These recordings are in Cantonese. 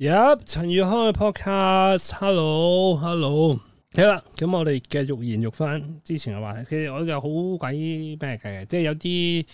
入陳宇康嘅 podcast，hello hello，睇啦，咁我哋繼續延續翻，之前嘅話題，其實我就好鬼咩嘅，即係有啲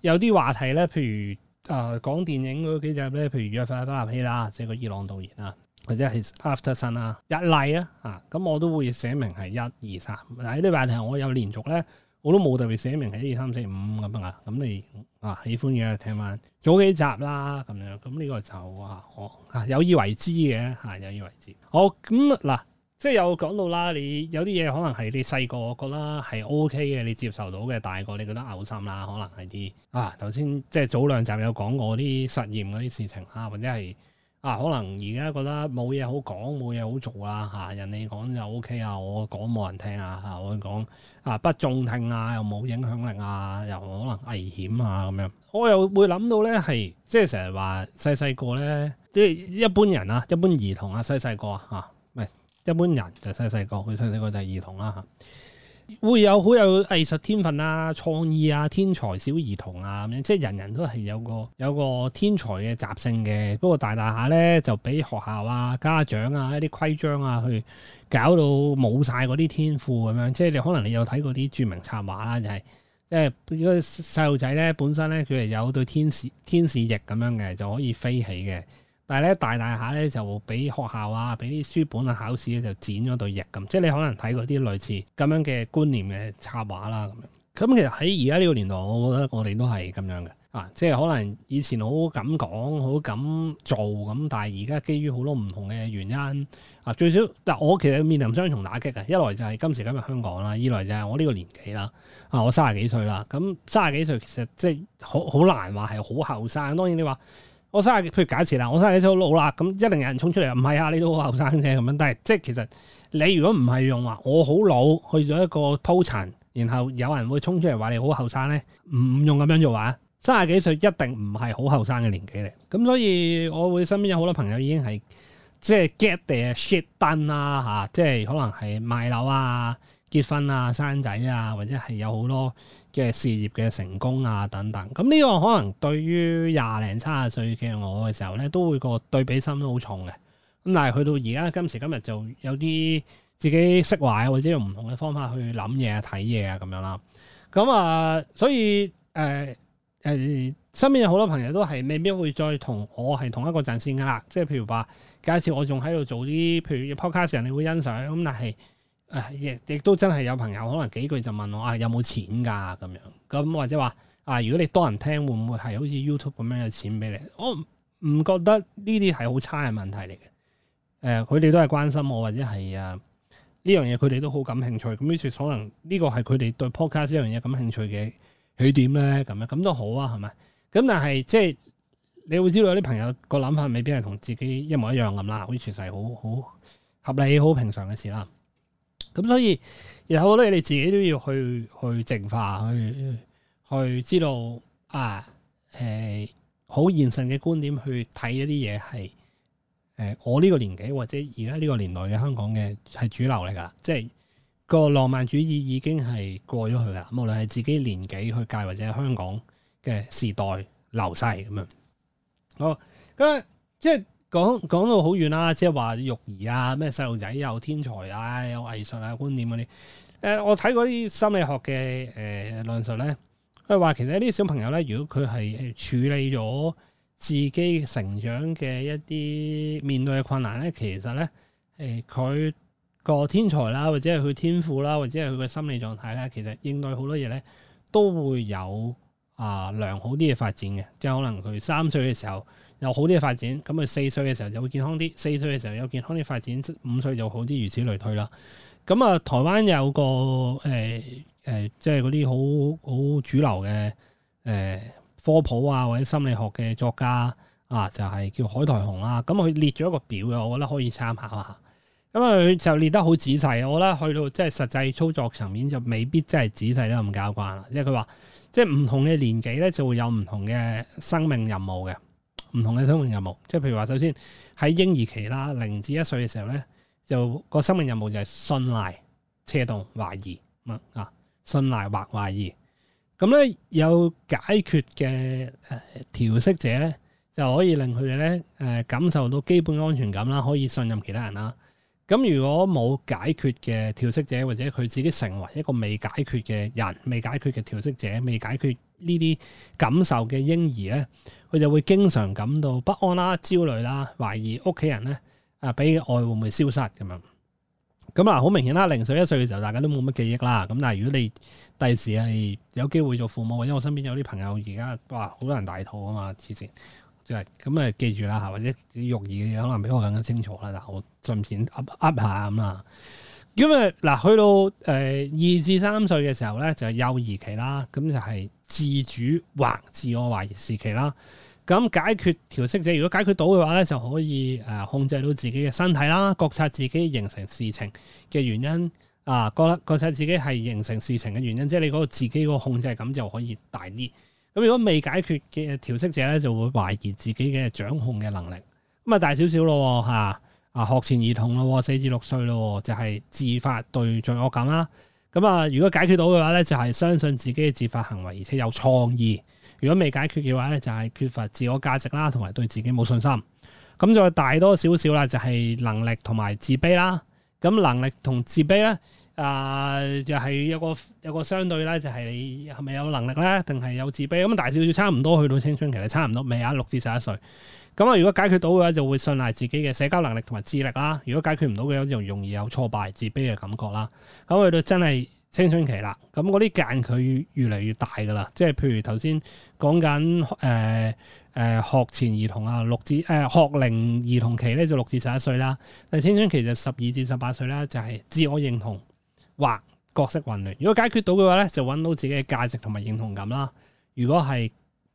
有啲話題咧，譬如誒講、呃、電影嗰幾集咧，譬如約法三十八 P 啦，即係、就是、個伊朗導演啊，或者係 After Sun 啦，一例啊，啊咁我都會寫明係一、二、三，嗱呢啲話題我有連續咧。我都冇特別寫明係一二三四五咁啊，咁你啊喜歡嘅聽翻早幾集啦，咁樣咁呢個就啊我啊有意為之嘅嚇有意為之。好，咁、嗯、嗱、啊，即係有講到啦，你有啲嘢可能係你細個覺得係 OK 嘅，你接受到嘅，大個你覺得嘔心啦，可能係啲啊頭先即係早兩集有講過啲實驗嗰啲事情啊，或者係。啊，可能而家覺得冇嘢好講，冇嘢好做啦嚇、啊，人哋講就 O K 啊，我講冇人聽啊嚇，我講啊不中聽啊，又冇影響力啊，又可能危險啊咁樣，我又會諗到咧係，即係成日話細細個咧，即係一般人啊，一般兒童啊，細細個嚇，唔、啊、係一般人就細細個，佢細細個就兒童啦、啊、嚇。會有好有藝術天分啊、創意啊、天才小兒童啊咁樣，即係人人都係有個有個天才嘅習性嘅。不過大大下咧就俾學校啊、家長啊一啲規章啊去搞到冇晒嗰啲天賦咁樣。即係你可能你有睇過啲著名插畫啦，就係、是、即係如果細路仔咧本身咧佢係有對天使天使翼咁樣嘅，就可以飛起嘅。但係咧，大大下咧就俾學校啊，俾啲書本啊考試咧、啊，就剪咗對翼咁，即係你可能睇嗰啲類似咁樣嘅觀念嘅插畫啦咁。咁其實喺而家呢個年代，我覺得我哋都係咁樣嘅啊，即係可能以前好敢講、好敢做咁，但係而家基於好多唔同嘅原因啊，最少嗱、啊，我其實面臨雙重打擊嘅，一來就係今時今日香港啦，二來就係我呢個年紀啦啊，我三十幾歲啦，咁、啊、三十幾歲其實即係好好難話係好後生，當然你話。我三十，譬如假設啦，我三十幾歲好老啦，咁一定有人衝出嚟，唔係啊，你都好後生啫，咁樣。但係即係其實你如果唔係用話，我好老去咗一個鋪陳，然後有人會衝出嚟話你好後生咧，唔用咁樣做啊。三十幾歲一定唔係好後生嘅年紀嚟，咁所以我會身邊有好多朋友已經係即係 get their shit done 啊，即係可能係賣樓啊。結婚啊、生仔啊，或者係有好多嘅事業嘅成功啊等等，咁呢個可能對於廿零、三十歲嘅我嘅時候咧，都會個對比心都好重嘅。咁但係去到而家今時今日，就有啲自己釋懷，或者用唔同嘅方法去諗嘢、睇嘢啊咁樣啦。咁啊，所以誒誒、呃呃，身邊有好多朋友都係未必會再同我係同一個陣線噶啦。即係譬如話，假設我仲喺度做啲譬如 podcast，人哋會欣賞咁，但係。亦亦都真係有朋友可能幾句就問我啊，有冇錢㗎咁樣？咁或者話啊，如果你多人聽，會唔會係好似 YouTube 咁樣嘅錢俾你？我唔覺得呢啲係好差嘅問題嚟嘅。誒、呃，佢哋都係關心我，或者係啊呢樣嘢，佢哋都好感興趣。咁 which 可能呢個係佢哋對 podcast 呢樣嘢感興趣嘅起點咧。咁樣咁都好啊，係咪？咁但係即係你會知道有啲朋友個諗法未必係同自己一模一樣咁啦。which 係好好合理、好平常嘅事啦。咁所以有好多嘢你自己都要去去淨化，去去知道啊，誒、呃、好現實嘅觀點去睇一啲嘢，係誒我呢個年紀或者而家呢個年代嘅香港嘅係主流嚟㗎喇，即係、個浪漫主義已經係過咗去㗎喇，無論係自己年紀去計或者香港嘅時代流逝咁樣。好，咁即係。講講到好遠啦，即係話育兒啊，咩細路仔有天才啊，有藝術啊，啊，觀念嗰啲。誒、呃，我睇過啲心理學嘅誒論述咧，佢話其實呢啲小朋友咧，如果佢係處理咗自己成長嘅一啲面對嘅困難咧，其實咧誒佢個天才啦，或者係佢天賦啦，或者係佢嘅心理狀態咧，其實應對好多嘢咧都會有啊、呃、良好啲嘅發展嘅，即係可能佢三歲嘅時候。有好啲嘅發展，咁佢四歲嘅時候就會健康啲。四歲嘅時候有健康啲發展，五歲就好啲，如此類推啦。咁啊，台灣有個誒誒、呃呃，即係嗰啲好好主流嘅誒、呃、科普啊，或者心理學嘅作家啊，就係、是、叫海苔紅海苔熊啦。咁佢列咗一個表嘅，我覺得可以參考下。咁佢就列得好仔細，我覺得去到即係實際操作層面就未必真係仔細得咁交關啦。因為佢話即係唔同嘅年紀咧就會有唔同嘅生命任務嘅。唔同嘅生命任務，即係譬如話，首先喺嬰兒期啦，零至一歲嘅時候咧，就、嗰個生命任務就係信賴、猜動、懷疑，啊，信賴或懷疑。咁咧有解決嘅、呃、調適者咧，就可以令佢哋咧誒感受到基本安全感啦，可以信任其他人啦。咁、啊、如果冇解決嘅調適者，或者佢自己成為一個未解決嘅人，未解決嘅調適者，未解決。呢啲感受嘅嬰兒咧，佢就會經常感到不安啦、焦慮啦、懷疑屋企人咧啊，俾愛會唔會消失咁樣？咁啊，好明顯啦，零歲一歲嘅時候，大家都冇乜記憶啦。咁但係如果你第時係有機會做父母，或者我身邊有啲朋友而家哇，好多人大肚啊嘛，之前即係咁啊，記住啦嚇，或者育兒嘅嘢可能比我更加清楚啦。嗱，我順便噏噏下咁啊。咁啊，嗱、嗯，去到誒二至三歲嘅時候咧，就係幼兒期啦。咁就係自主或自我懷疑時期啦。咁解決調適者，如果解決到嘅話咧，就可以誒、呃、控制到自己嘅身體啦，覺察自己形成事情嘅原因啊，覺覺察自己係形成事情嘅原因，即係你嗰個自己個控制感就可以大啲。咁如果未解決嘅調適者咧，就會懷疑自己嘅掌控嘅能力。咁啊，大少少咯嚇。啊！學前兒童咯，四至六歲咯，就係自發對罪惡感啦。咁啊，如果解決到嘅話咧，就係相信自己嘅自發行為，而且有創意。如果未解決嘅話咧，就係缺乏自我價值啦，同埋對自己冇信心。咁再大多少少啦，就係能力同埋自卑啦。咁能力同自卑咧，啊，就係有個有個相對咧，就係你係咪有能力咧，定係有自卑？咁大少少差唔多，去到青春期咧，差唔多未啊，六至十一歲。咁啊，如果解決到嘅話，就會信賴自己嘅社交能力同埋智力啦。如果解決唔到嘅話，就容易有挫敗自卑嘅感覺啦。咁去到真係青春期啦，咁嗰啲間距越嚟越大噶啦。即係譬如頭先講緊誒誒學前兒童啊，六至誒、呃、學齡兒童期咧就六至十一歲啦。但青春期就十二至十八歲啦，就係、是、自我認同或角色混亂。如果解決到嘅話咧，就揾到自己嘅價值同埋認同感啦。如果係，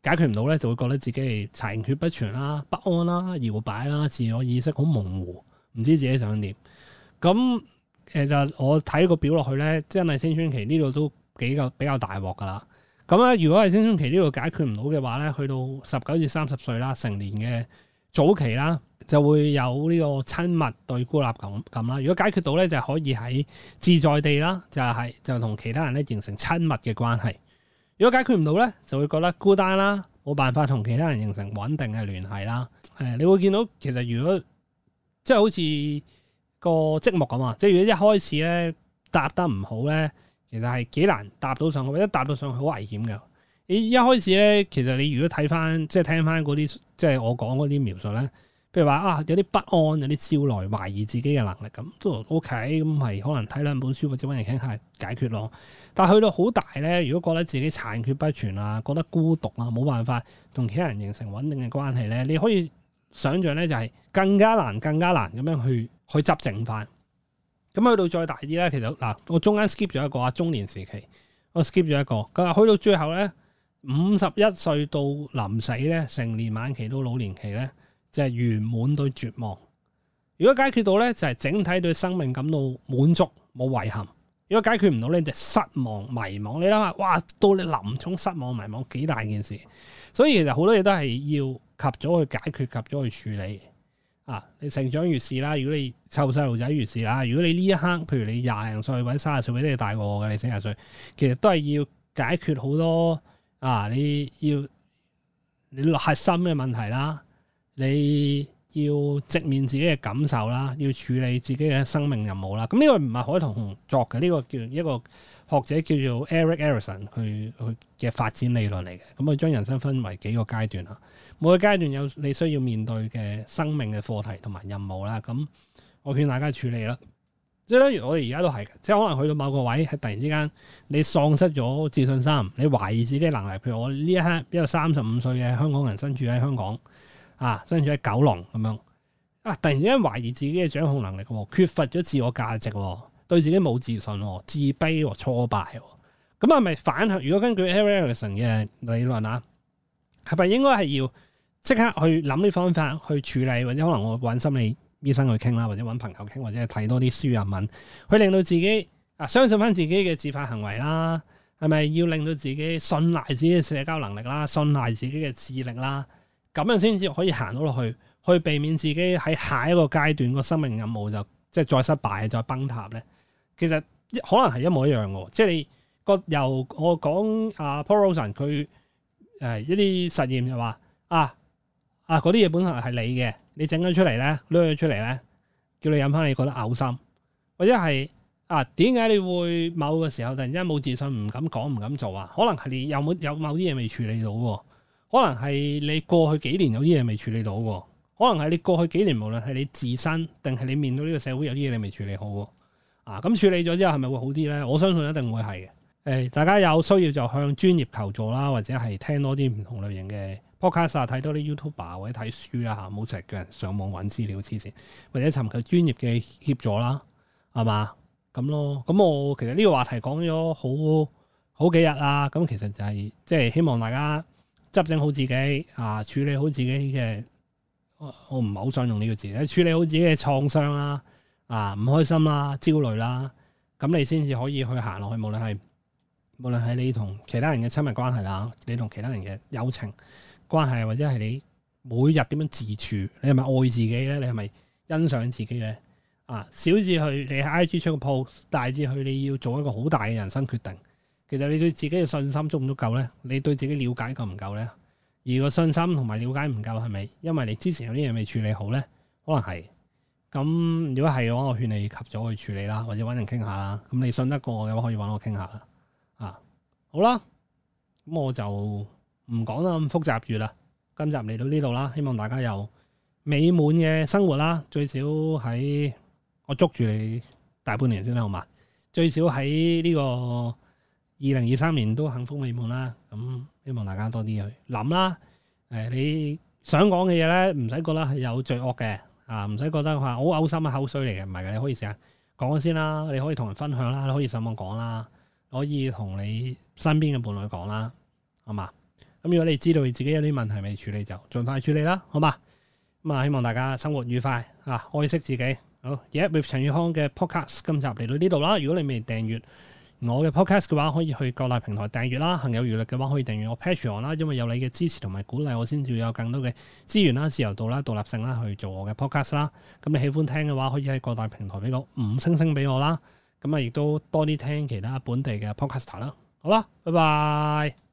解決唔到咧，就會覺得自己係殘缺不全啦、不安啦、搖擺啦，自我意識好模糊，唔知自己想點。咁其實我睇個表落去咧，真係青春期呢度都比較比較大鑊噶啦。咁咧，如果係青春期呢度解決唔到嘅話咧，去到十九至三十歲啦，成年嘅早期啦，就會有呢個親密對孤立感咁啦。如果解決到咧，就可以喺自在地啦，就係就同其他人咧形成親密嘅關係。如果解決唔到咧，就會覺得孤單啦，冇辦法同其他人形成穩定嘅聯繫啦。誒、呃，你會見到其實如果即係好似個積木咁啊，即係如果一開始咧搭得唔好咧，其實係幾難搭到上去，或者搭到上去好危險嘅。你一開始咧，其實你如果睇翻即係聽翻嗰啲即係我講嗰啲描述咧。譬如話啊，有啲不安，有啲焦慮，懷疑自己嘅能力，咁都 OK，咁咪可能睇兩本書或者揾人傾下解決咯。但係去到好大咧，如果覺得自己殘缺不全啊，覺得孤獨啊，冇辦法同其他人形成穩定嘅關係咧，你可以想象咧就係更加難，更加難咁樣去去執正法。咁去到再大啲咧，其實嗱，我中間 skip 咗一個啊，中年時期，我 skip 咗一個咁啊。去到最後咧，五十一歲到臨死咧，成年晚期到老年期咧。就係圓滿對絕望，如果解決到咧，就係、是、整體對生命感到滿足，冇遺憾；如果解決唔到咧，就是、失望、迷惘。你諗下，哇，到你臨終失望、迷惘幾大件事？所以其實好多嘢都係要及早去解決，及早去處理啊！你成長如是啦，如果你湊細路仔如是啦，如果你呢一刻，譬如你廿零歲或者卅歲，比你大過我嘅，你四廿歲，其實都係要解決好多啊！你要你核心嘅問題啦。你要直面自己嘅感受啦，要處理自己嘅生命任務啦。咁、這、呢個唔係海桐作嘅，呢、這個叫一個學者叫做 Erik Erikson 去去嘅發展理論嚟嘅。咁佢將人生分為幾個階段啊，每個階段有你需要面對嘅生命嘅課題同埋任務啦。咁、嗯、我勸大家處理啦。即係例如我哋而家都係嘅，即係可能去到某個位，係突然之間你喪失咗自信心，你懷疑自己能力。譬如我呢一刻，一個三十五歲嘅香港人，身處喺香港。啊，甚至喺九龍咁樣啊！突然之間懷疑自己嘅掌控能力，缺乏咗自我價值，對、啊、自己冇自信，啊、自卑和挫敗。咁啊，係咪反向？如果根據 Erikson 嘅理論啊，係咪應該係要即刻去諗啲方法去處理，或者可能我揾心理醫生去傾啦，或者揾朋友傾，或者睇多啲書啊文，去令到自己啊相信翻自己嘅自發行為啦，係咪要令到自己信賴自己嘅社交能力啦，信賴自己嘅智力啦？咁樣先至可以行到落去，去避免自己喺下一個階段個生命任務就即係再失敗、再崩塌咧。其實可能係一模一樣嘅，即係你個由我講阿、啊、Paul Rosen 佢誒、呃、一啲實驗就話啊啊嗰啲嘢本來係你嘅，你整咗出嚟咧，攞咗出嚟咧，叫你飲翻，你覺得嘔心，或者係啊點解你會某個時候突然間冇自信，唔敢講，唔敢做啊？可能係你有冇有某啲嘢未處理到喎？可能係你過去幾年有啲嘢未處理到，可能係你過去幾年無論係你自身，定係你面對呢個社會有啲嘢你未處理好，啊咁、嗯、處理咗之後係咪會好啲咧？我相信一定會係嘅。誒、哎，大家有需要就向專業求助啦，或者係聽多啲唔同類型嘅 podcast 啊，睇多啲 YouTuber 或者睇書啊吓，唔好成日叫人上網揾資料黐綫，或者尋求專業嘅協助啦，係嘛咁咯。咁我其實呢個話題講咗好好幾日啦，咁、嗯、其實就係即係希望大家。執整好自己啊，處理好自己嘅，我唔係好想用呢個字、啊，處理好自己嘅創傷啦，啊，唔開心啦、啊，焦慮啦、啊，咁你先至可以去行落去，無論係無論係你同其他人嘅親密關係啦、啊，你同其他人嘅友情關係，或者係你每日點樣自處，你係咪愛自己咧？你係咪欣賞自己咧、啊？啊，小至去你喺 IG 出個 post 大至去你要做一個好大嘅人生決定。其實你對自己嘅信心足唔足夠咧？你對自己了解夠唔夠咧？而個信心同埋了解唔夠係咪，因為你之前有啲嘢未處理好咧，可能係。咁如果係嘅話，我勸你及早去處理啦，或者搵人傾下啦。咁你信得過嘅話，可以搵我傾下啦。啊，好啦，咁我就唔講得咁複雜住啦。今集嚟到呢度啦，希望大家有美滿嘅生活啦，最少喺我捉住你大半年先啦，好嘛？最少喺呢個。二零二三年都幸福美滿啦，咁希望大家多啲去諗啦。誒，你想講嘅嘢咧，唔使覺得係有罪惡嘅啊，唔使覺得話好嘔心嘅口水嚟嘅，唔係嘅，你可以試下講先啦。你可以同人分享啦，你可以上網講啦，可以同你身邊嘅伴侶講啦，好嘛？咁、嗯、如果你知道自己有啲問題未處理，就盡快處理啦，好嘛？咁、嗯、啊，希望大家生活愉快啊，愛惜自己。好，而、yeah, 家 with 陳宇康嘅 podcast 今集嚟到呢度啦。如果你未訂閱，我嘅 podcast 嘅話，可以去各大平台訂閱啦。行有餘力嘅話，可以訂閱我 Patreon 啦。因為有你嘅支持同埋鼓勵，我先至有更多嘅資源啦、自由度啦、獨立性啦，去做我嘅 podcast 啦。咁你喜歡聽嘅話，可以喺各大平台俾個五星星俾我啦。咁啊，亦都多啲聽其他本地嘅 podcaster 啦。好啦，拜拜。